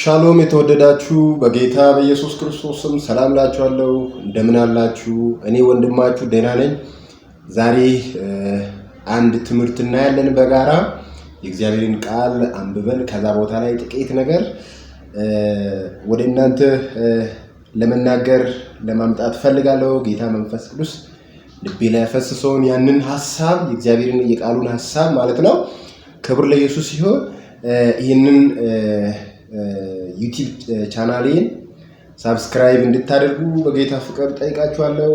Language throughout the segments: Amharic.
ሻሎም የተወደዳችሁ በጌታ በኢየሱስ ክርስቶስ ስም ሰላም ላችኋለሁ። እንደምን አላችሁ? እኔ ወንድማችሁ ደህና ነኝ። ዛሬ አንድ ትምህርት እናያለን በጋራ የእግዚአብሔርን ቃል አንብበን ከዛ ቦታ ላይ ጥቂት ነገር ወደ እናንተ ለመናገር ለማምጣት ፈልጋለሁ። ጌታ መንፈስ ቅዱስ ልቤ ላይ ያፈስሰውን ያንን ሀሳብ የእግዚአብሔርን የቃሉን ሀሳብ ማለት ነው። ክብር ለኢየሱስ ሲሆን ይህንን ዩቲዩብ ቻናሌን ሳብስክራይብ እንድታደርጉ በጌታ ፍቅር ጠይቃችኋለሁ።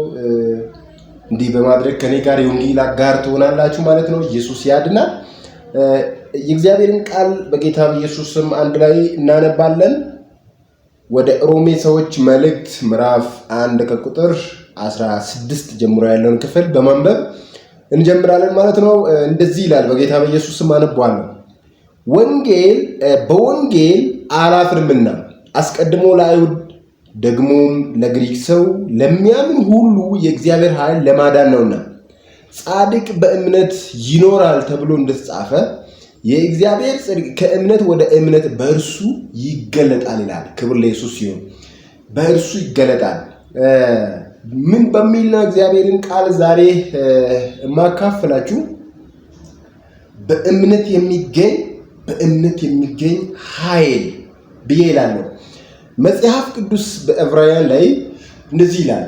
እንዲህ በማድረግ ከኔ ጋር የወንጌል አጋር ትሆናላችሁ ማለት ነው። ኢየሱስ ያድናል። የእግዚአብሔርን ቃል በጌታ በኢየሱስ ስም አንድ ላይ እናነባለን። ወደ ሮሜ ሰዎች መልእክት ምዕራፍ አንድ ከቁጥር 16 ጀምሮ ያለውን ክፍል በማንበብ እንጀምራለን ማለት ነው። እንደዚህ ይላል። በጌታ በኢየሱስ ስም ወንጌል በወንጌል አላፍርምና አስቀድሞ ለአይሁድ ደግሞም ለግሪክ ሰው ለሚያምን ሁሉ የእግዚአብሔር ኃይል ለማዳን ነውና ጻድቅ በእምነት ይኖራል ተብሎ እንደተጻፈ የእግዚአብሔር ጽድቅ ከእምነት ወደ እምነት በእርሱ ይገለጣል ይላል። ክብር ለኢየሱስ ሲሆን በእርሱ ይገለጣል ምን በሚል ነው እግዚአብሔርን ቃል ዛሬ የማካፍላችሁ በእምነት የሚገኝ በእምነት የሚገኝ ኃይል ብዬ ይላለሁ። መጽሐፍ ቅዱስ በዕብራውያን ላይ እንደዚህ ይላል፣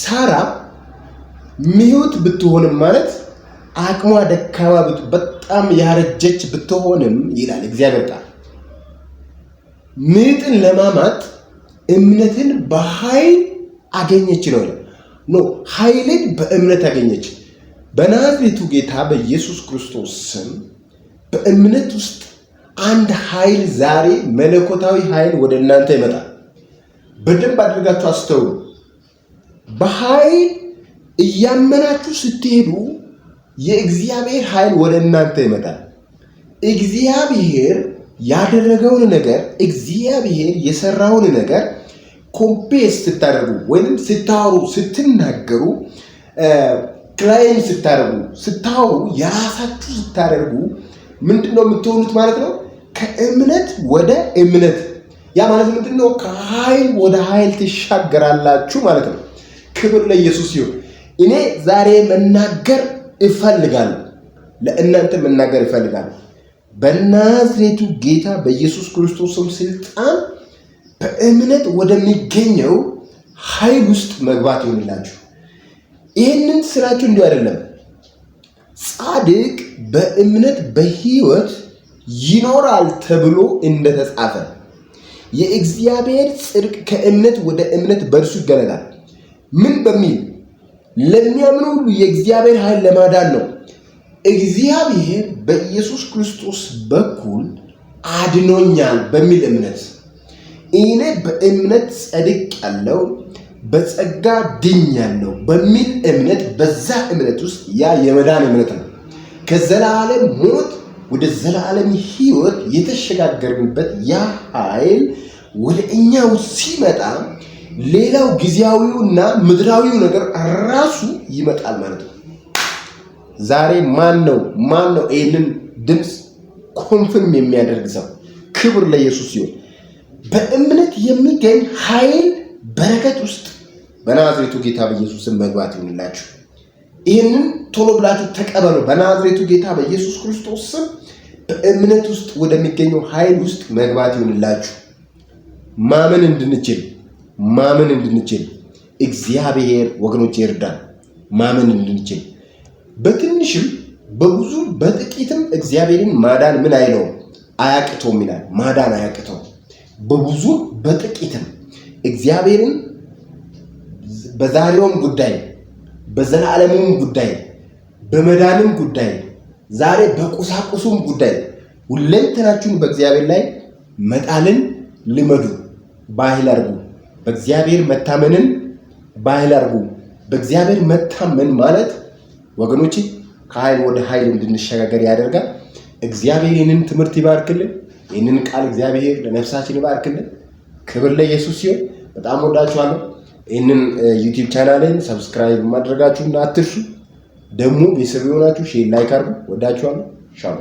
ሳራ ሚሁት ብትሆንም ማለት አቅሟ ደካማ በጣም ያረጀች ብትሆንም ይላል እግዚአብሔር ቃል ምጥን ለማማት እምነትን በኃይል አገኘች ነው ኖ ኃይልን በእምነት አገኘች። በናዝሬቱ ጌታ በኢየሱስ ክርስቶስ ስም በእምነት ውስጥ አንድ ኃይል ዛሬ መለኮታዊ ኃይል ወደ እናንተ ይመጣል። በደንብ አድርጋችሁ አስተውሉ። በኃይል እያመናችሁ ስትሄዱ የእግዚአብሔር ኃይል ወደ እናንተ ይመጣል። እግዚአብሔር ያደረገውን ነገር እግዚአብሔር የሰራውን ነገር ኮምፔስ ስታደርጉ ወይም ስታወሩ፣ ስትናገሩ፣ ክላይም ስታደርጉ ስታወሩ፣ የራሳችሁ ስታደርጉ ምንድን ነው የምትሆኑት ማለት ነው። ከእምነት ወደ እምነት ያ ማለት ምንድን ነው? ከኃይል ወደ ኃይል ትሻገራላችሁ ማለት ነው። ክብር ለኢየሱስ ይሁን። እኔ ዛሬ መናገር እፈልጋለሁ፣ ለእናንተ መናገር እፈልጋለሁ። በናዝሬቱ ጌታ በኢየሱስ ክርስቶስም ስልጣን በእምነት ወደሚገኘው ኃይል ውስጥ መግባት ይሆንላችሁ። ይህንን ስራችሁ እንዲሁ አይደለም። ጻድቅ በእምነት በሕይወት ይኖራል ተብሎ እንደተጻፈ የእግዚአብሔር ጽድቅ ከእምነት ወደ እምነት በእርሱ ይገለጣል። ምን በሚል ለሚያምኑ ሁሉ የእግዚአብሔር ኃይል ለማዳን ነው። እግዚአብሔር በኢየሱስ ክርስቶስ በኩል አድኖኛል በሚል እምነት እኔ በእምነት ጸድቅ ያለው በጸጋ ድኛለሁ በሚል እምነት በዛ እምነት ውስጥ ያ የመዳን እምነት ነው። ከዘላለም ሞት ወደ ዘላለም ህይወት የተሸጋገርንበት ያ ኃይል ወደ እኛው ሲመጣ ሌላው ጊዜያዊውና ምድራዊው ነገር ራሱ ይመጣል ማለት ነው። ዛሬ ማን ነው ማን ነው ይህንን ድምፅ ኮንፍርም የሚያደርግ ሰው? ክብር ለኢየሱስ ሲሆን በእምነት የሚገኝ ኃይል በረከት ውስጥ በናዝሬቱ ጌታ በኢየሱስን መግባት ይሁንላችሁ። ይህንን ቶሎ ብላችሁ ተቀበሉ። በናዝሬቱ ጌታ በኢየሱስ ክርስቶስ ስም በእምነት ውስጥ ወደሚገኘው ኃይል ውስጥ መግባት ይሆንላችሁ። ማመን እንድንችል ማመን እንድንችል እግዚአብሔር ወገኖች ይርዳል። ማመን እንድንችል በትንሽም በብዙ በጥቂትም እግዚአብሔርን ማዳን ምን አይለውም አያቅተውም ይላል። ማዳን አያቅተው በብዙ በጥቂትም እግዚአብሔርን በዛሬውም ጉዳይ በዘላለምም ጉዳይ በመዳንም ጉዳይ ዛሬ በቁሳቁሱም ጉዳይ ሁለንተናችሁን በእግዚአብሔር ላይ መጣልን ልመዱ፣ ባህል አርጉ በእግዚአብሔር መታመንን ባህል አርጉ። በእግዚአብሔር መታመን ማለት ወገኖች ከኃይል ወደ ኃይል እንድንሸጋገር ያደርጋል። እግዚአብሔር ይህንን ትምህርት ይባርክልን። ይህንን ቃል እግዚአብሔር ለነፍሳችን ይባርክልን። ክብር ለኢየሱስ ሲሆን በጣም ወዳችኋለሁ። ይህንን ዩቲዩብ ቻናልን ሰብስክራይብ እና አትርሱ። ደግሞ ቤተሰብ የሆናችሁ ሼር፣ ላይክ አድርጉ። ወዳችኋለሁ። ሻሉ